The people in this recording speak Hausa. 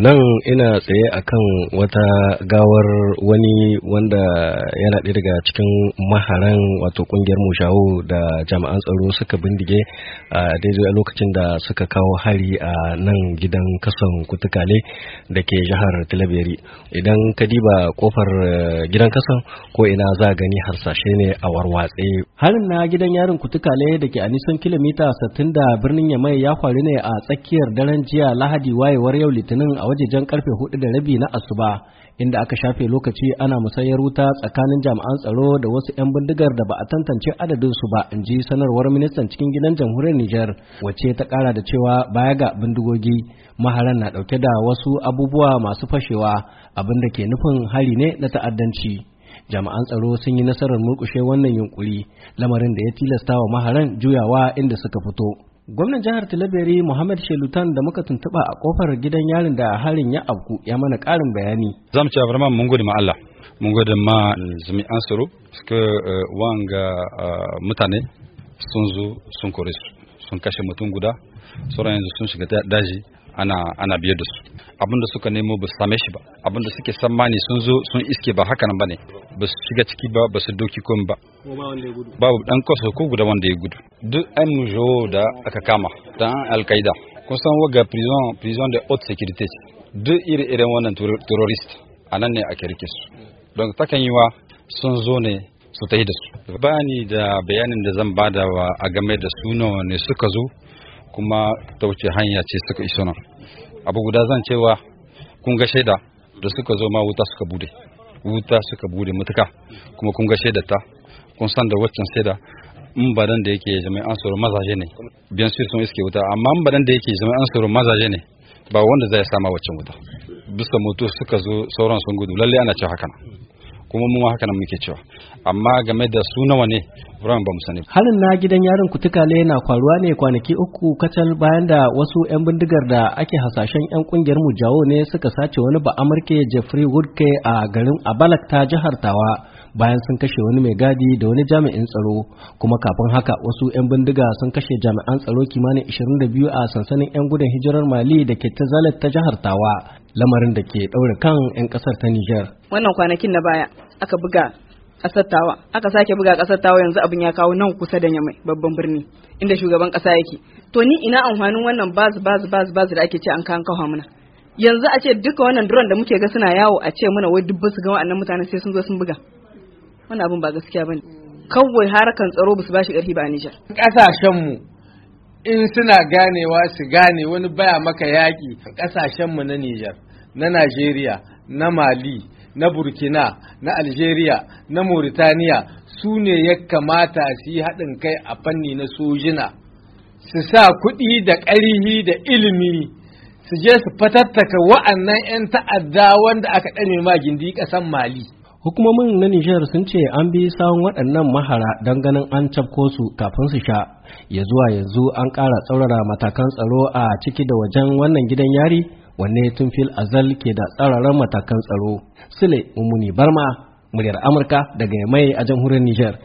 nan ina tsaye akan wata gawar wani wanda yana ɗaya daga cikin maharan wato ƙungiyar mushawo da jami'an tsaro suka bindige a daidai lokacin da suka kawo hari a nan gidan kasan kutukale da ke jihar talabiri idan ka diba kofar eh, gidan kasan ko ina za gani harsashe ne a warwatse harin na gidan yarin kutukale da ke a nisan kilomita 60 da birnin yamai ya faru ne a tsakiyar daren jiya lahadi wayewar yau litinin a wajejen karfe hudu da rabi na asuba inda aka shafe lokaci ana musayar wuta tsakanin jami'an tsaro da wasu 'yan bindigar da ba a tantance adadin su ba in ji sanarwar ministan cikin gidan jamhuriyar Nijar wacce ta kara da cewa baya ga bindigogi maharan na dauke da wasu abubuwa masu fashewa abin da ke nufin hari ne na ta'addanci. jami'an tsaro sun yi nasarar murkushe wannan yunkuri lamarin da ya tilasta wa maharan juyawa inda suka fito Gwamnan jihar Talabere Muhammad Shelutan da muka tuntuɓa a kofar gidan yarin da harin ya abku ya mana ƙarin bayani. Zamu ci a mun gode ma Allah, mun gode ma jami'an tsaro suka eh, wanga eh, mutane sun zo sun kore sun kashe mutum guda sauran yanzu sun shiga daji ana ana biyar da su abin da suka nemo ba same shi ba abin da suke sammani sun zo sun iske ba haka nan bane ba su shiga ciki ba ba su doki komai ba babu dan kwaso ko guda wanda ya gudu duk an mujo da aka kama dan alkaida kun san waga prison prison de haute sécurité duk iri irin wannan terrorist anan ne ake rike su don takan yi wa sun zo ne su tafi da su bani da bayanin da zan bada wa a game da su ne suka zo kuma ta wuce hanya ce suka iso nan abu guda zan cewa kun ga shaida da suka zo ma wuta suka bude wuta suka bude mutuka kuma kun ga shaida ta kun san da waccan shaida in badan da yake jami'an tsaro mazaje ne biyan su sun iske wuta amma in badan da yake jami'an tsaro mazaje ne ba wanda zai sama waccan wuta bisa moto suka zo sauran sun gudu lalle ana cewa haka kuma mun haka nan muke cewa amma game da su nawa ne Brown ba mu sani halin na gidan yarin kutukale na kwaruwa ne kwanaki uku kacal bayan da wasu yan bindigar da ake hasashen yan kungiyar jawo ne suka sace wani ba amurke Jeffrey Woodke a garin Abalak ta jihar Tawa bayan sun kashe wani mai gadi da wani jami'in tsaro kuma kafin haka wasu 'yan bindiga sun kashe jami'an tsaro kimanin 22 a sansanin 'yan gudun hijirar mali da ke ta ta jihar tawa lamarin da ke ɗaure kan 'yan ƙasar ta nijar wannan kwanakin na baya aka buga kasar tawa aka sake buga kasar tawa yanzu abin ya kawo nan kusa da yamai babban birni inda shugaban kasa yake to ni ina amfanin wannan baz baz baz baz da ake ce an kan kawo mana yanzu a ce duka wannan drone da muke ga suna yawo a ce mana wai dubba su ga wa'annan mutanen sai sun zo sun buga wannan abin ba gaskiya bane kawai harakan tsaro ba su bashi karfi ba a Nijar kasashen mu in suna ganewa su gane wani baya maka yaki kasashen mu na Nijar na Najeriya na Mali na burkina na algeria na mauritania su ne ya kamata su yi haɗin kai a fanni na sojina su sa kuɗi da ƙarihi da ilimi su je su fatattaka wa'annan 'yan ta'adda wanda aka ɗame ma gindi ƙasan mali hukumomin na nijar sun ce an bi sawon waɗannan mahara don ganin an cafko su kafin su sha ya zuwa yanzu an ƙara tsaurara matakan tsaro a ciki da wajen wannan gidan yari wanne tun fil azal ke da tsararren matakan tsaro sule mummuni barma muryar amurka daga mai a jamhuriyar niger